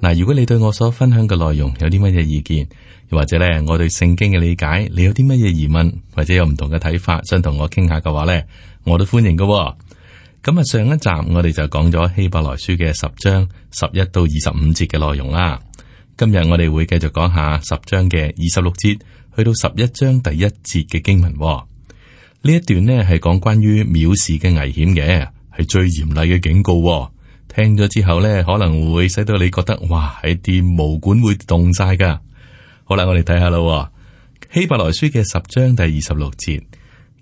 嗱，如果你對我所分享嘅內容有啲乜嘢意見，又或者咧，我對聖經嘅理解，你有啲乜嘢疑問，或者有唔同嘅睇法，想同我傾下嘅話咧，我都歡迎噶。咁啊，上一集我哋就講咗希伯來書嘅十章十一到二十五節嘅內容啦。今日我哋會繼續講下十章嘅二十六節，去到十一章第一節嘅經文喎。呢一段呢，係講關於藐視嘅危險嘅，係最嚴厲嘅警告喎。聽咗之後呢，可能會使到你覺得，哇！一啲毛管會凍曬噶。好啦，我哋睇下啦，《希伯來書》嘅十章第二十六節，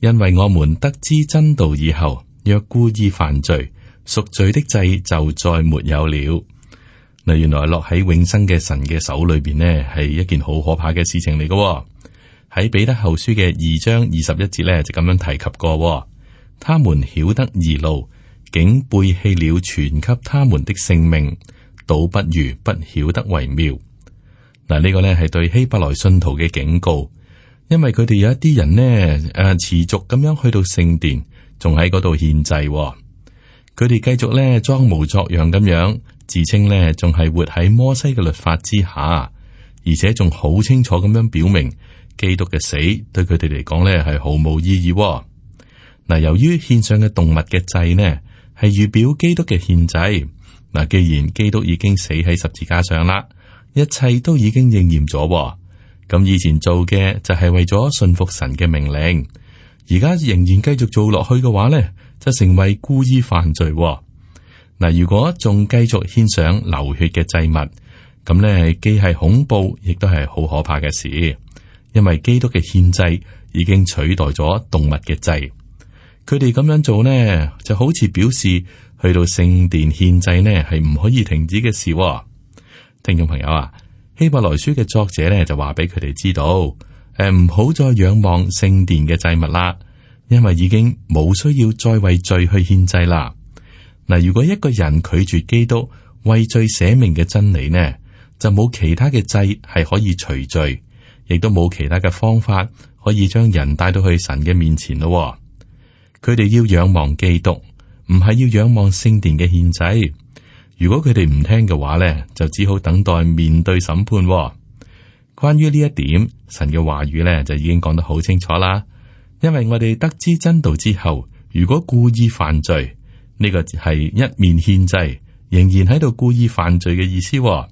因為我們得知真道以後，若故意犯罪，贖罪的祭就再沒有了。嗱，原來落喺永生嘅神嘅手裏邊呢，係一件好可怕嘅事情嚟噶。喺彼得後書嘅二章二十一節呢，就咁樣提及過，他們曉得義路，竟背棄了傳給他們的性命，倒不如不曉得為妙。嗱，呢個呢係對希伯來信徒嘅警告，因為佢哋有一啲人呢誒、呃、持續咁樣去到聖殿，仲喺嗰度獻祭，哦，佢哋繼續呢裝模作樣咁樣，自稱呢仲係活喺摩西嘅律法之下，而且仲好清楚咁樣表明，基督嘅死對佢哋嚟講呢係毫無意義，哦。嗱，呃，由於獻上嘅動物嘅祭呢，係預表基督嘅獻祭。嗱，既然基督已經死喺十字架上啦，一切都已經應驗咗。咁以前做嘅就係為咗信服神嘅命令，而家仍然繼續做落去嘅話呢，就成為故意犯罪。嗱，如果仲繼續獻上流血嘅祭物，咁呢既係恐怖，亦都係好可怕嘅事，因為基督嘅獻祭已經取代咗動物嘅祭。佢哋咁樣做呢，就好似表示去到聖殿獻祭呢，係唔可以停止嘅事，哦。聽眾朋友啊，希伯來書嘅作者呢就話俾佢哋知道，誒、呃，唔好再仰望聖殿嘅祭物啦，因為已經冇需要再為罪去獻祭啦。嗱，如果一個人拒絕基督為罪捨命嘅真理呢，就冇其他嘅祭係可以除罪，亦都冇其他嘅方法可以將人帶到去神嘅面前咯，哦。佢哋要仰望基督，唔係要仰望聖殿嘅獻祭。如果佢哋唔聽嘅話呢，就只好等待面對審判，哦。關於呢一點，神嘅話語呢，就已經講得好清楚啦。因為我哋得知真道之後，如果故意犯罪，呢個係一面獻祭，仍然喺度故意犯罪嘅意思，哦。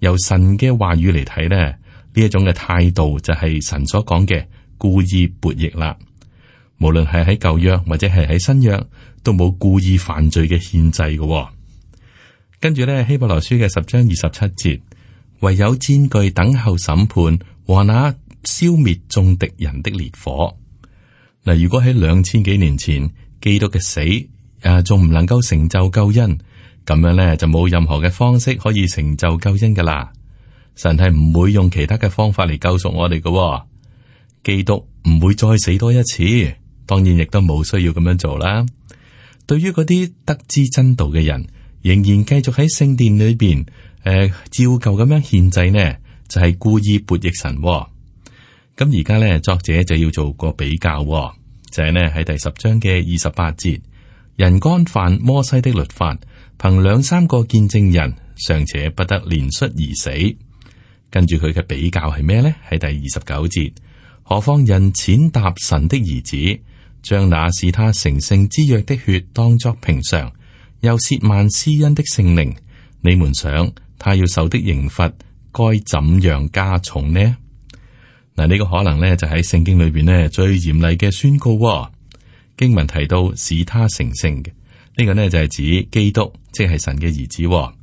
由神嘅話語嚟睇呢，呢一種嘅態度就係神所講嘅故意悖逆啦。無論係喺舊約或者係喺新約，都冇故意犯罪嘅限制嘅、哦。跟住呢，《希伯來書》嘅十章二十七節，唯有戰懼等候審判和那消滅眾敵人的烈火。嗱，如果喺兩千幾年前基督嘅死，誒仲唔能夠成就救恩，咁樣呢就冇任何嘅方式可以成就救恩噶啦。神係唔會用其他嘅方法嚟救贖我哋嘅、哦。基督唔會再死多一次。當然亦都冇需要咁樣做啦。對於嗰啲得知真道嘅人，仍然繼續喺聖殿裏邊誒、呃、照舊咁樣獻祭呢，就係、是、故意悖逆神、哦。咁而家呢，作者就要做個比較、哦，就係、是、呢喺第十章嘅二十八節，人干犯摩西的律法，憑兩三個見證人尚且不得憐恤而死。跟住佢嘅比較係咩呢？喺第二十九節，何況人踐踏神的兒子？將那使他成聖之約的血當作平常，又褻慢施恩的聖靈，你們想他要受的刑罰該怎樣加重呢？嗱，呢個可能咧就喺聖經裏邊咧最嚴厲嘅宣告。經文提到使他成聖嘅，呢、呢個咧就係指基督，即係神嘅兒子。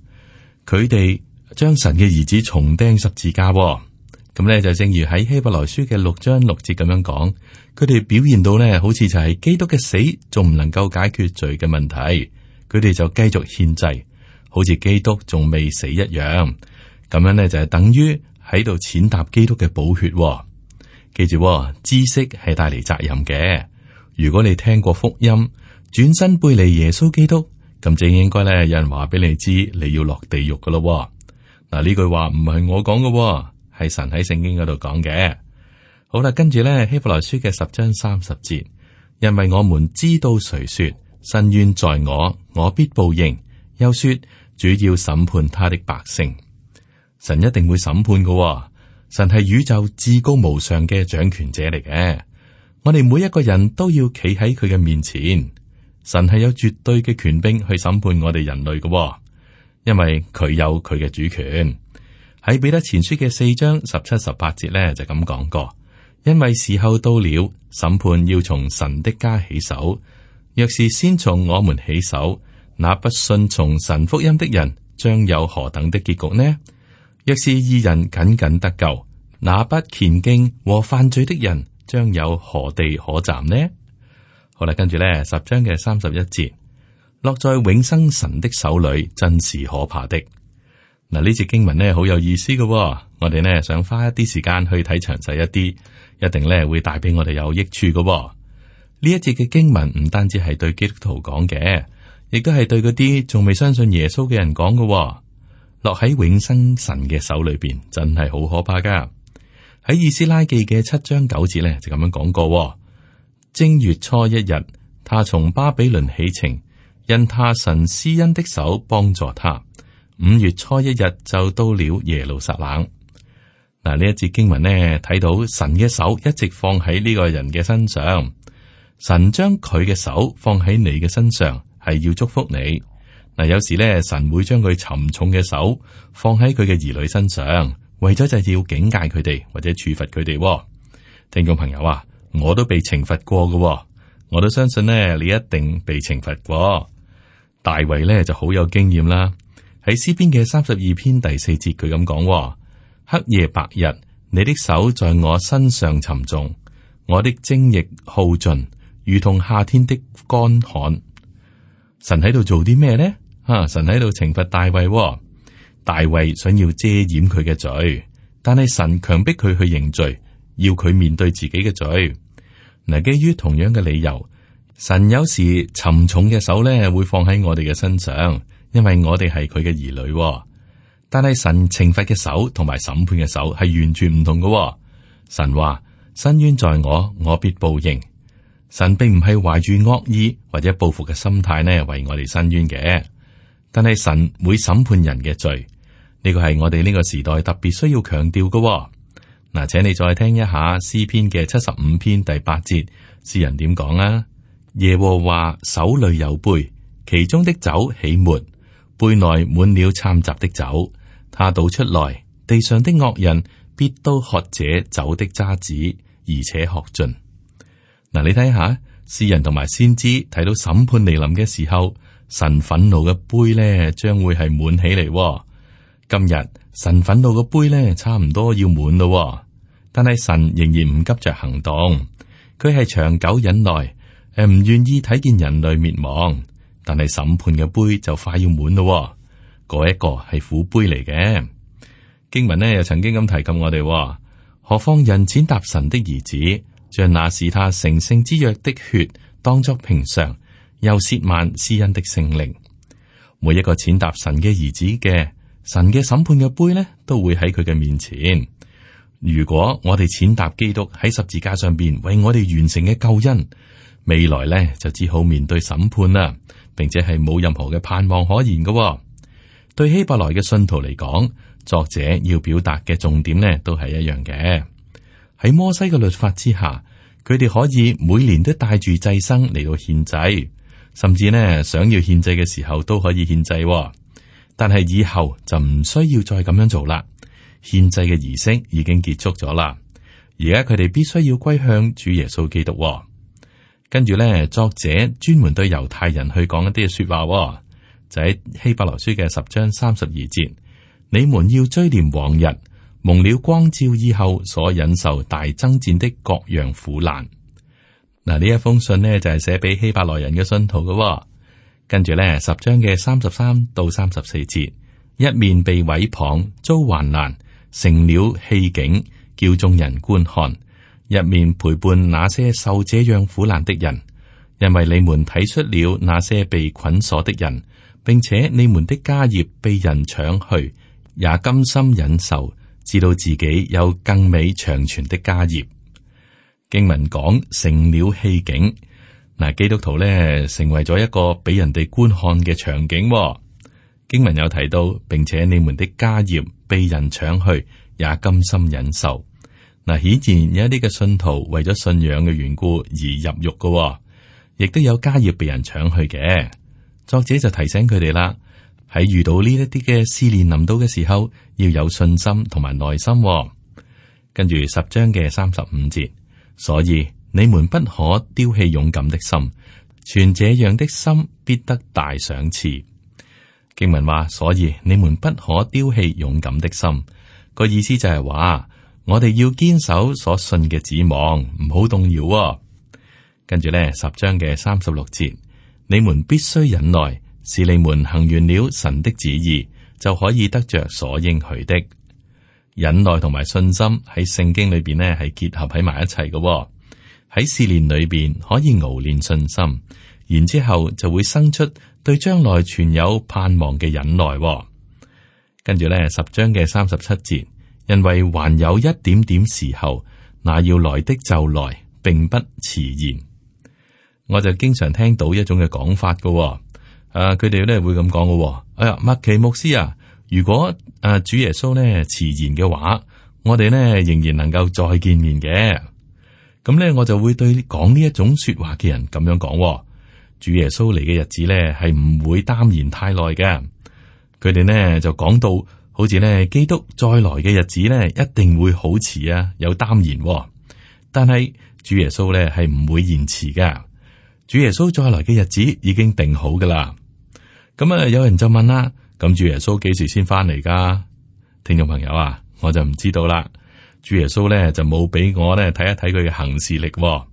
佢哋將神嘅兒子重釘十字架。咁咧就正如喺希伯來書嘅六章六節咁樣講，佢哋表現到咧，好似就係基督嘅死仲唔能夠解決罪嘅問題，佢哋就繼續獻祭，好似基督仲未死一樣。咁樣咧就係、是、等於喺度踐踏基督嘅寶血、哦。記住、哦，知識係帶嚟責任嘅。如果你聽過福音，轉身背離耶穌基督，咁正應該咧有人話俾你知，你要落地獄噶咯。嗱，呢句話唔係我講噶、哦。係神喺聖經嗰度講嘅，好啦，跟住呢，希伯來書嘅十章三十節，因為我們知道誰說伸冤在我，我必報應，又說主要審判他的百姓，神一定會審判嘅、哦。神係宇宙至高無上嘅掌權者嚟嘅，我哋每一個人都要企喺佢嘅面前，神係有絕對嘅權柄去審判我哋人類嘅、哦，因為佢有佢嘅主權。喺彼得前書嘅四章十七、十八節呢，就咁講過，因為時候到了，審判要從神的家起首，若是先從我們起首，那不信從神福音的人將有何等的結局呢？若是義人僅僅得救，那不虔敬和犯罪的人將有何地可站呢？好啦，跟住呢十章嘅三十一節，落在永生神的手裏，真是可怕的。嗱，呢節經文咧，好有意思噶喎。我哋呢，想花一啲時間去睇詳細一啲，一定呢會帶俾我哋有益處噶喎。呢一節嘅經文唔單止係對基督徒講嘅，亦都係對嗰啲仲未相信耶穌嘅人講噶喎。落喺永生神嘅手裏邊，真係好可怕噶。喺《以斯拉記》嘅七章九節呢，就咁樣講過。正月初一日，他從巴比倫起程，因他神施恩的手幫助他。五月初一日就到了耶路撒冷嗱。呢一節經文呢，睇到神嘅手一直放喺呢個人嘅身上，神將佢嘅手放喺你嘅身上，係要祝福你嗱。有時呢，神會將佢沉重嘅手放喺佢嘅兒女身上，為咗就要警戒佢哋或者處罰佢哋。聽眾朋友啊，我都被懲罰過噶，我都相信呢，你一定被懲罰過。大衛呢就好有經驗啦。喺詩篇嘅三十二篇第四節，佢咁講：黑夜白日，你的手在我身上沉重，我的精液耗盡，如同夏天的乾旱。神喺度做啲咩呢？啊，神喺度懲罰大衛、哦，大衛想要遮掩佢嘅嘴，但係神強迫佢去認罪，要佢面對自己嘅嘴。嗱，基於同樣嘅理由，神有時沉重嘅手咧，會放喺我哋嘅身上。因為我哋係佢嘅兒女、哦，但係神懲罰嘅手同埋審判嘅手係完全唔同嘅、哦。神話申冤在我，我必報應。神並唔係懷住惡意或者報復嘅心態呢，為我哋申冤嘅。但係神會審判人嘅罪，呢個係我哋呢個時代特別需要強調嘅。嗱，請你再聽一下詩篇嘅七十五篇第八節，詩人點講啊？耶和華手裏有杯，其中的酒起沫。杯內滿了摻雜的酒，他倒出來，地上的惡人必都喝這酒的渣子，而且喝盡。嗱、啊，你睇下，詩人同埋先知睇到審判來臨嘅時候，神憤怒嘅杯呢將會係滿起嚟、哦。今日神憤怒嘅杯呢差唔多要滿咯、哦，但係神仍然唔急着行動，佢係長久忍耐，誒，唔願意睇見人類滅亡。但係審判嘅杯就快要滿咯、哦，嗰一個係苦杯嚟嘅。經文呢又曾經咁提及我哋，何況人踐踏神的兒子，將那使他成聖之約的血當作平常，又褻慢施恩的聖靈。每一個踐踏神嘅兒子嘅，神嘅審判嘅杯呢，都會喺佢嘅面前。如果我哋踐踏基督喺十字架上邊為我哋完成嘅救恩，未來呢就只好面對審判啦。並且係冇任何嘅盼望可言嘅哦，對希伯來嘅信徒嚟講，作者要表達嘅重點呢都係一樣嘅。喺摩西嘅律法之下，佢哋可以每年都帶住祭牲嚟到獻祭，甚至呢，想要獻祭嘅時候都可以獻祭哦。但係以後就唔需要再咁樣做啦，獻祭嘅儀式已經結束咗啦。而家佢哋必須要歸向主耶穌基督哦。跟住呢，作者專門對猶太人去講一啲嘅說話，哦，就喺希伯來書嘅十章三十二節，你們要追念往日蒙了光照以後所忍受大爭戰的各樣苦難。嗱，呢一封信呢，就係，是，寫俾希伯來人嘅信徒嘅，哦。跟住呢，十章嘅三十三到三十四節，一面被毀謗遭患難，成了戲景，叫眾人觀看。入面陪伴那些受這樣苦難的人，因為你們睇出了那些被捆鎖的人，並且你們的家業被人搶去，也甘心忍受，知道自己有更美長存的家業。經文講成了戲景，嗱，基督徒咧成為咗一個俾人哋觀看嘅場景。經文有提到，並且你們的家業被人搶去，也甘心忍受。嗱，顯然有一啲嘅信徒為咗信仰嘅緣故而入獄嘅、哦，亦都有家業被人搶去嘅。作者就提醒佢哋啦，喺遇到呢一啲嘅試煉臨到嘅時候，要有信心同埋耐心、哦。跟住十章嘅三十五節，所以你們不可丟棄勇敢的心，存這樣的心必得大賞賜。經文話，所以你們不可丟棄勇敢的心，個意思就係話。我哋要堅守所信嘅指望，唔好動搖、哦。跟住呢十章嘅三十六節，你們必須忍耐，使你們行完了神的旨意，就可以得着所應許的。忍耐同埋信心喺聖經裏邊咧係結合喺埋一齊嘅、哦。喺試煉裏邊可以熬練信心，然之後就會生出對將來存有盼望嘅忍耐、哦。跟住呢十章嘅三十七節。因為還有一點點時候，那要來的就來，並不遲延。我就經常聽到一種嘅講法嘅，誒、啊，佢哋咧會咁講嘅。哎呀，麥奇牧師啊，如果誒、啊、主耶穌呢遲延嘅話，我哋呢仍然能夠再見面嘅。咁呢，我就會對講呢一種說話嘅人咁樣講。主耶穌嚟嘅日子呢，係唔會耽延太耐嘅。佢哋呢就講到。好似咧基督再來嘅日子咧，一定會好遲啊，有擔言、啊。但係主耶穌咧係唔會延遲噶，主耶穌再來嘅日子已經定好噶啦。咁、嗯、啊，有人就問啦，咁、啊、主耶穌幾時先翻嚟噶？聽眾朋友啊，我就唔知道啦。主耶穌咧就冇俾我咧睇一睇佢嘅行事歷、啊，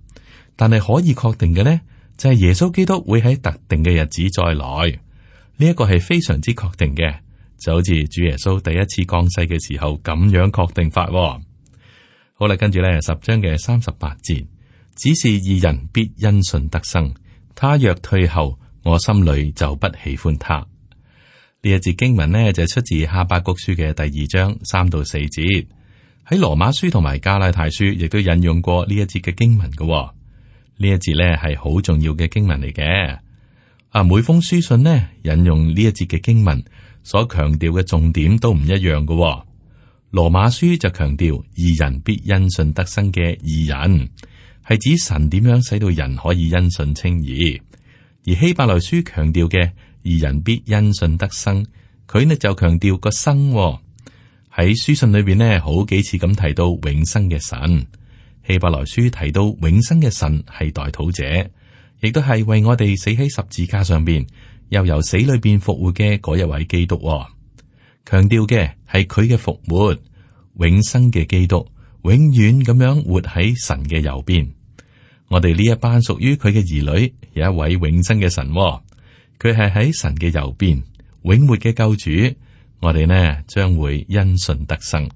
但係可以確定嘅咧，就係、是、耶穌基督會喺特定嘅日子再來，呢、這、一個係非常之確定嘅。就好似主耶穌第一次降世嘅時候咁樣，確定法、哦。好啦，跟住咧十章嘅三十八節，只是義人必因信得生。他若退後，我心裏就不喜歡他。呢一節經文呢，就是、出自《哈巴谷書》嘅第二章三到四節。喺《羅馬書》同埋《加拉太書》亦都引用過呢一節嘅經文、哦。噶，呢一節咧係好重要嘅經文嚟嘅。啊，每封書信呢引用呢一節嘅經文所強調嘅重點都唔一樣嘅、喎。羅馬書就強調二人必因信得生嘅二人，係指神點樣使到人可以因信稱義。而希伯來書強調嘅二人必因信得生，佢呢就強調個生喺、喎、書信裏邊呢好幾次咁提到永生嘅神。希伯來書提到永生嘅神係代土者，亦都係為我哋死喺十字架上邊。又由死裏邊復活嘅嗰一位基督、哦，強調嘅係佢嘅復活永生嘅基督，永遠咁樣活喺神嘅右邊。我哋呢一班屬於佢嘅兒女，有一位永生嘅神、哦，佢係喺神嘅右邊，永活嘅救主。我哋呢將會因信得生。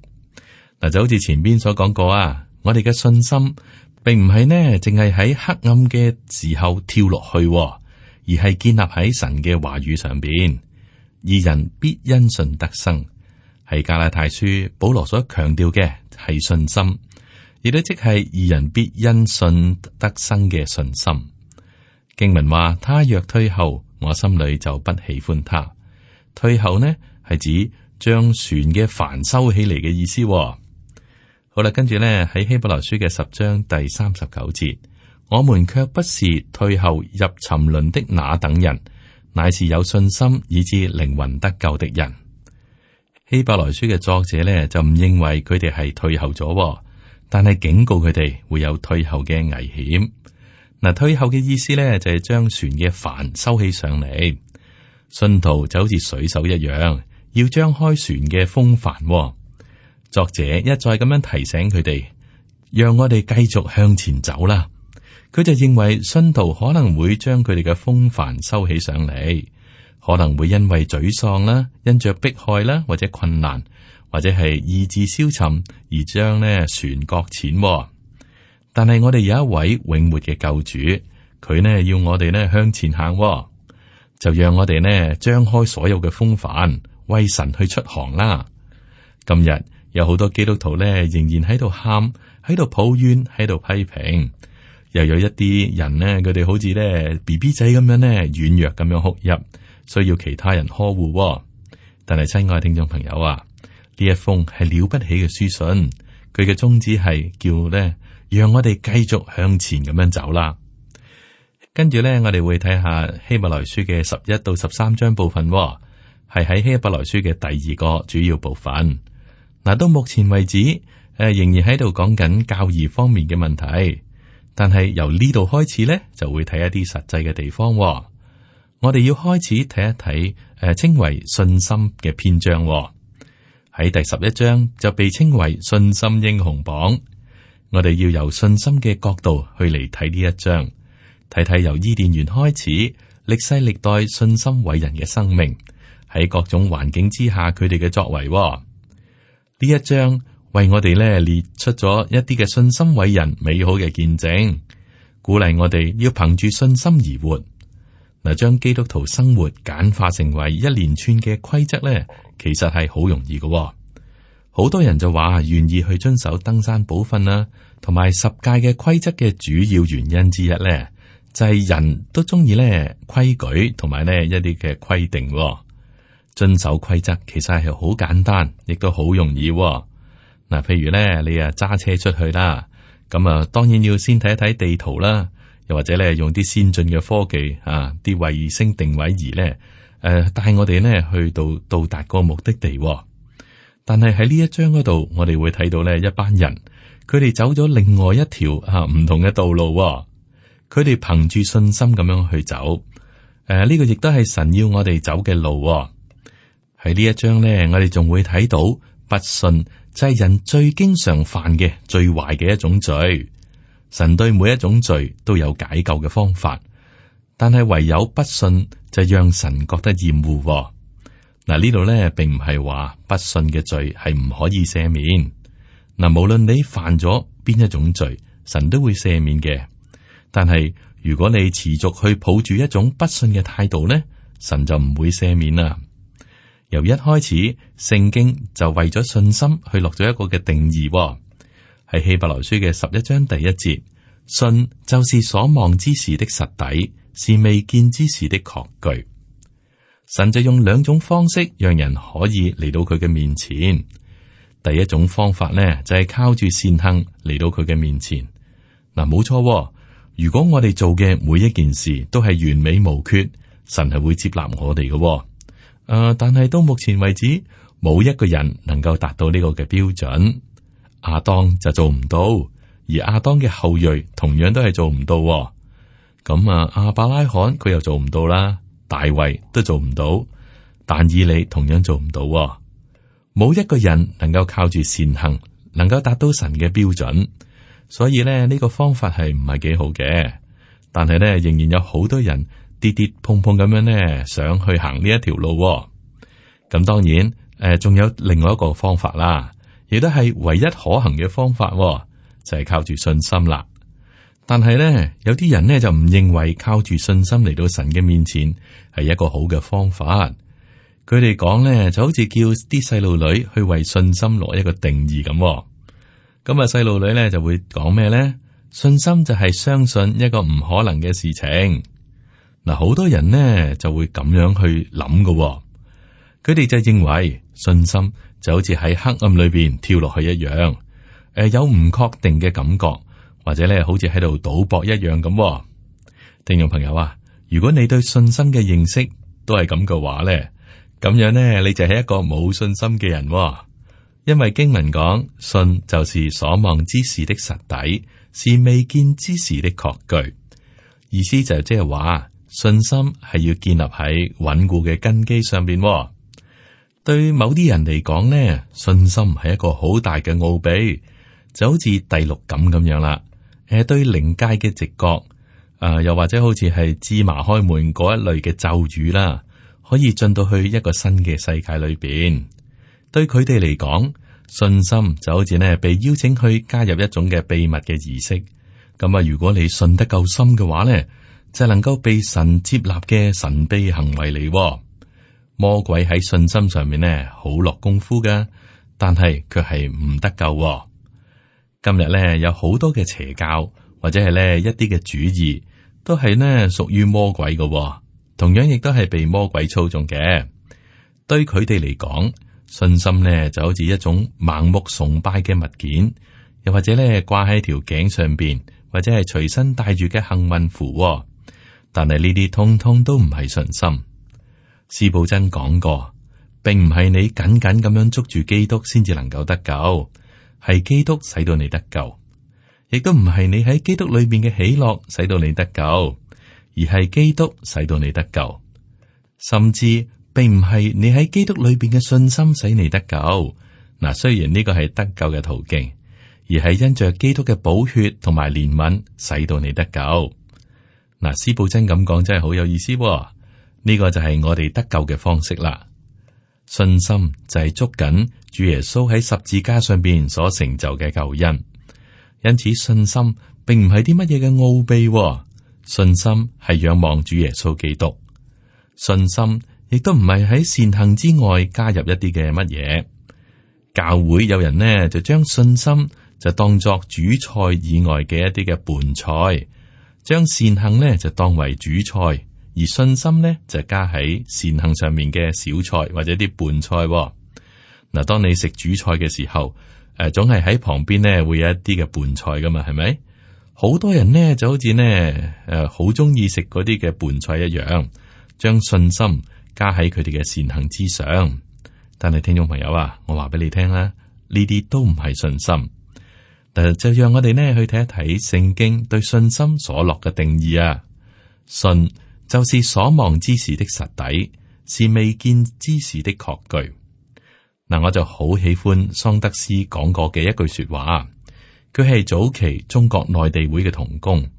嗱，就好似前邊所講過啊，我哋嘅信心並唔係呢淨係喺黑暗嘅時候跳落去、哦。而係建立喺神嘅話語上邊，二人必因信得生，係加拉太書保羅所強調嘅係信心，亦都即係二人必因信得生嘅信心。經文話：他若退後，我心裏就不喜歡他。退後呢，係指將船嘅帆收起嚟嘅意思。好啦，跟住呢喺希伯來書嘅十章第三十九節。我們卻不是退後入沉淪的那等人，乃是有信心以致靈魂得救的人。希伯來書嘅作者呢，就唔認為佢哋係退後咗、哦，但係警告佢哋會有退後嘅危險。嗱，退後嘅意思呢，就係、是、將船嘅帆收起上嚟，信徒就好似水手一樣，要張開船嘅風帆、哦。作者一再咁樣提醒佢哋，讓我哋繼續向前走啦。佢就認為信徒可能會將佢哋嘅風帆收起上嚟，可能會因為沮喪啦，因着迫害啦，或者困難，或者係意志消沉而將呢船擱淺。但係我哋有一位永活嘅救主，佢呢要我哋呢向前行，就讓我哋呢張開所有嘅風帆，為神去出航啦。今日有好多基督徒呢，仍然喺度喊，喺度抱怨，喺度批評。又有一啲人呢，佢哋好似咧 B B 仔咁樣咧，軟弱咁樣哭泣，需要其他人呵護喎。但係，親愛聽眾朋友啊，呢一封係了不起嘅書信，佢嘅宗旨係叫咧，讓我哋繼續向前咁樣走啦。跟住咧，我哋會睇下希伯來書嘅十一到十三章部分喎，係喺希伯來書嘅第二個主要部分。嗱，到目前為止，誒仍然喺度講緊教義方面嘅問題。但係由呢度開始呢，就會睇一啲實際嘅地方、哦。我哋要開始睇一睇，誒、呃，稱為信心嘅篇章、哦。喺第十一章就被稱為信心英雄榜。我哋要由信心嘅角度去嚟睇呢一章，睇睇由伊甸園開始，歷世歷代信心偉人嘅生命，喺各種環境之下佢哋嘅作為、哦。呢一章。為我哋咧列出咗一啲嘅信心偉人美好嘅見證，鼓勵我哋要憑住信心而活。嗱，將基督徒生活簡化成為一連串嘅規則咧，其實係好容易嘅。好多人就話願意去遵守登山寶訓啦，同埋十誡嘅規則嘅主要原因之一咧，就係、是、人都中意咧規矩同埋咧一啲嘅規定。遵守規則其實係好簡單，亦都好容易。嗱，譬如咧，你啊揸車出去啦，咁啊，當然要先睇一睇地圖啦，又或者咧，用啲先進嘅科技啊，啲衛星定位儀咧，誒，帶我哋呢去到到達個目的地。但係喺呢一章嗰度，我哋會睇到咧一班人，佢哋走咗另外一條啊唔同嘅道路，佢哋憑住信心咁樣去走。誒，呢個亦都係神要我哋走嘅路。喺呢一章咧，我哋仲會睇到不信。就係人最經常犯嘅最壞嘅一種罪，神對每一種罪都有解救嘅方法，但係唯有不信就讓神覺得厭惡。嗱、啊、呢度咧並唔係話不信嘅罪係唔可以赦免，嗱、啊、無論你犯咗邊一種罪，神都會赦免嘅，但係如果你持續去抱住一種不信嘅態度咧，神就唔會赦免啦。由一開始，聖經就為咗信心去落咗一個嘅定義、哦，係希伯來書嘅十一章第一節：信就是所望之事的實底，是未見之事的確據。神就用兩種方式讓人可以嚟到佢嘅面前。第一種方法呢，就係、是、靠住善行嚟到佢嘅面前。嗱，冇錯、哦，如果我哋做嘅每一件事都係完美無缺，神係會接納我哋嘅、哦。誒、嗯，但係到目前為止，冇一個人能夠達到呢個嘅標準。亞當就做唔到，而亞當嘅後裔，同樣都係做唔到、哦。咁、嗯、啊，亞伯拉罕佢又做唔到啦，大衛都做唔到，但以理同樣做唔到、哦。冇一個人能夠靠住善行，能夠達到神嘅標準。所以呢，呢個方法係唔係幾好嘅。但係呢，仍然有好多人。跌跌碰碰咁樣呢，想去行呢一條路。咁當然，誒、呃，仲有另外一個方法啦，亦都係唯一可行嘅方法、哦，就係、是、靠住信心啦。但係呢，有啲人呢，就唔認為靠住信心嚟到神嘅面前係一個好嘅方法。佢哋講呢，就好似叫啲細路女去為信心落一個定義咁、哦。咁啊，細路女呢，就會講咩呢？信心就係相信一個唔可能嘅事情。嗱，好多人呢就會咁樣去諗嘅、哦，佢哋就認為信心就好似喺黑暗裏邊跳落去一樣，誒、呃，有唔確定嘅感覺，或者咧好似喺度賭博一樣咁、哦。聽眾朋友啊，如果你對信心嘅認識都係咁嘅話咧，咁樣咧你就係一個冇信心嘅人、哦。因為經文講，信就是所望之事的實底，是未見之事的確據，意思就即係話。信心係要建立喺穩固嘅根基上邊。對某啲人嚟講呢，信心係一個好大嘅奧秘，就好似第六感咁樣啦。誒，對靈界嘅直覺，誒、呃，又或者好似係芝麻開門嗰一類嘅咒語啦，可以進到去一個新嘅世界裏邊。對佢哋嚟講，信心就好似呢被邀請去加入一種嘅秘密嘅儀式。咁啊，如果你信得夠深嘅話呢。就係能夠被神接納嘅神秘行為嚟、哦。魔鬼喺信心上面呢，好落功夫噶，但係卻係唔得救、哦。今日呢，有好多嘅邪教或者係呢一啲嘅主義，都係呢屬於魔鬼噶、哦，同樣亦都係被魔鬼操縱嘅。對佢哋嚟講，信心呢就好似一種盲目崇拜嘅物件，又或者呢掛喺條頸上邊，或者係隨身帶住嘅幸運符、哦。但係呢啲通通都唔係信心。司布真講過，並唔係你緊緊咁樣捉住基督先至能夠得救，係基督使到你得救，亦都唔係你喺基督裏邊嘅喜樂使到你得救，而係基督使到你得救，甚至並唔係你喺基督裏邊嘅信心使你得救。嗱，雖然呢個係得救嘅途徑，而係因着基督嘅寶血同埋憐憫使到你得救。嗱，司布真咁講真係好有意思，哦，呢個就係我哋得救嘅方式啦。信心就係捉緊主耶穌喺十字架上邊所成就嘅救恩，因此信心並唔係啲乜嘢嘅奧秘，哦，信心係仰望主耶穌基督。信心亦都唔係喺善行之外加入一啲嘅乜嘢。教會有人呢就將信心就當作主菜以外嘅一啲嘅伴菜。將善行咧就當為主菜，而信心咧就加喺善行上面嘅小菜或者啲伴菜、哦。嗱，當你食主菜嘅時候，誒、呃，總係喺旁邊咧會有一啲嘅伴菜噶嘛，係咪？好多人咧就好似咧誒，好中意食嗰啲嘅伴菜一樣，將信心加喺佢哋嘅善行之上。但係聽眾朋友啊，我話俾你聽啦，呢啲都唔係信心。就讓我哋呢去睇一睇聖經對信心所落嘅定義啊，信就是所望之事的實底，是未見之事的確據。嗱，我就好喜歡桑德斯講過嘅一句說話，佢係早期中國內地會嘅同工，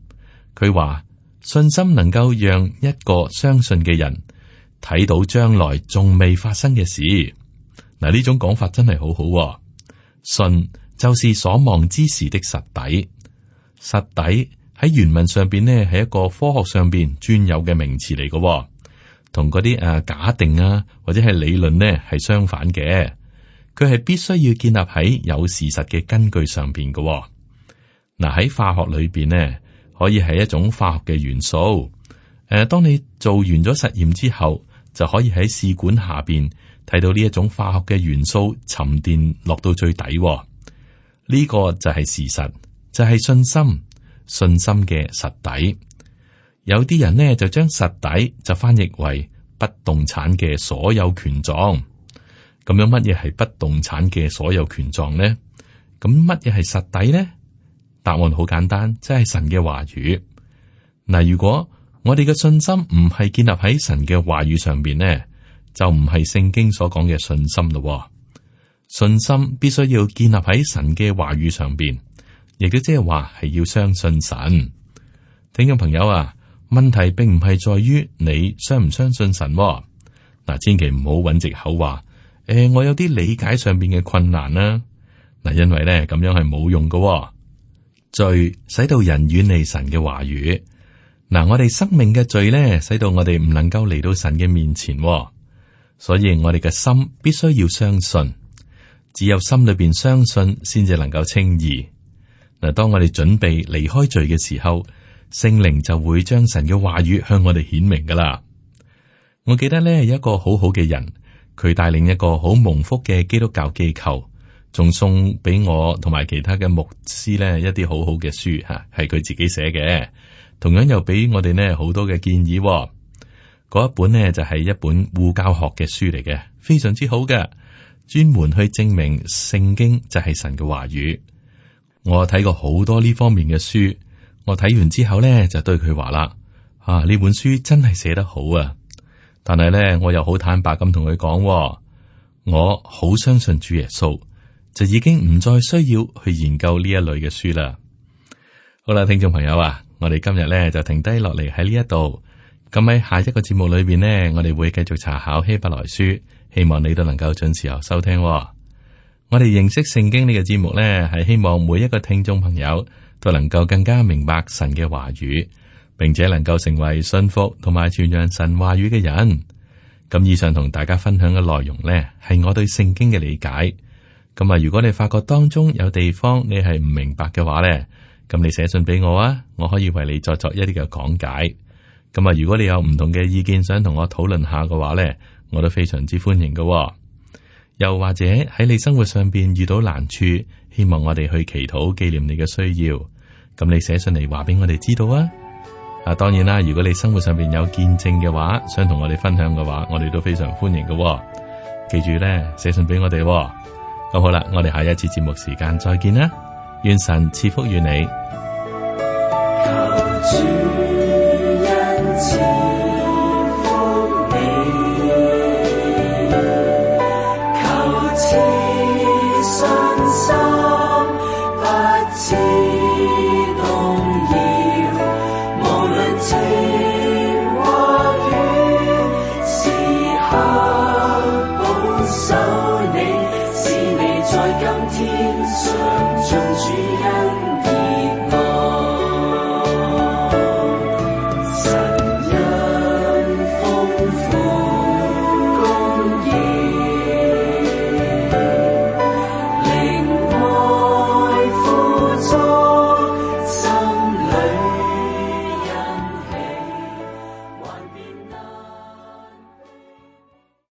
佢話信心能夠讓一個相信嘅人睇到將來仲未發生嘅事。嗱，呢種講法真係好好啊，信。就是所望之時的實底。實底喺原文上邊呢，係一個科學上邊專有嘅名詞嚟嘅喎。同嗰啲啊假定啊或者係理論呢，係相反嘅。佢係必須要建立喺有事實嘅根據上邊嘅喎。嗱，喺化學裏邊呢，可以係一種化學嘅元素。誒、呃，當你做完咗實驗之後，就可以喺試管下邊睇到呢一種化學嘅元素沉澱落到最底喎。呢個就係事實，就係、是、信心，信心嘅實底。有啲人呢就將實底就翻譯為不動產嘅所有權狀。咁樣乜嘢係不動產嘅所有權狀呢？咁乜嘢係實底呢？答案好簡單，即、就、係、是、神嘅話語。嗱，如果我哋嘅信心唔係建立喺神嘅話語上邊呢，就唔係聖經所講嘅信心咯。信心必須要建立喺神嘅話語上邊，亦都即係話係要相信神。聽眾，朋友啊，問題並唔係在於你相唔相信神、哦。嗱，千祈唔好揾藉口話誒、呃，我有啲理解上邊嘅困難啦。嗱，因為咧咁樣係冇用噶、哦、罪，使到人遠離神嘅話語。嗱，我哋生命嘅罪咧，使到我哋唔能夠嚟到神嘅面前、哦。所以，我哋嘅心必須要相信。只有心裏邊相信，先至能夠稱義。嗱，當我哋準備離開罪嘅時候，聖靈就會將神嘅話語向我哋顯明噶啦。我記得呢，有一個好好嘅人，佢帶領一個好蒙福嘅基督教機構，仲送俾我同埋其他嘅牧師呢一啲好好嘅書吓，係佢自己寫嘅，同樣又俾我哋呢好多嘅建議。嗰一本呢就係一本護教學嘅書嚟嘅，非常之好嘅。專門去證明聖經就係神嘅話語。我睇過好多呢方面嘅書，我睇完之後呢，就對佢話啦：啊呢本書真係寫得好啊！但係呢，我又好坦白咁同佢講，我好相信主耶穌，就已經唔再需要去研究呢一類嘅書啦。好啦，聽眾朋友啊，我哋今日呢就停低落嚟，喺呢一度。咁喺下一個節目裏邊呢，我哋會繼續查考希伯來書。希望你都能夠準時有收聽，哦，我哋認識聖經呢個節目呢，係希望每一個聽眾朋友都能夠更加明白神嘅話語，並且能夠成為信服同埋傳揚神話語嘅人。咁以上同大家分享嘅內容呢，係我對聖經嘅理解。咁啊，如果你發覺當中有地方你係唔明白嘅話呢，咁你寫信俾我啊，我可以為你作作一啲嘅講解。咁啊，如果你有唔同嘅意見想同我討論下嘅話呢。我都非常之歡迎㗎喎，又或者喺你生活上邊遇到難處，希望我哋去祈禱紀念你嘅需要，咁你寫信嚟話俾我哋知道啊！啊，當然啦，如果你生活上邊有見證嘅話，想同我哋分享嘅話，我哋都非常歡迎㗎喎。記住咧，寫信俾我哋喎。咁好啦，我哋下一次節目時間再見啦，願神賜福於你。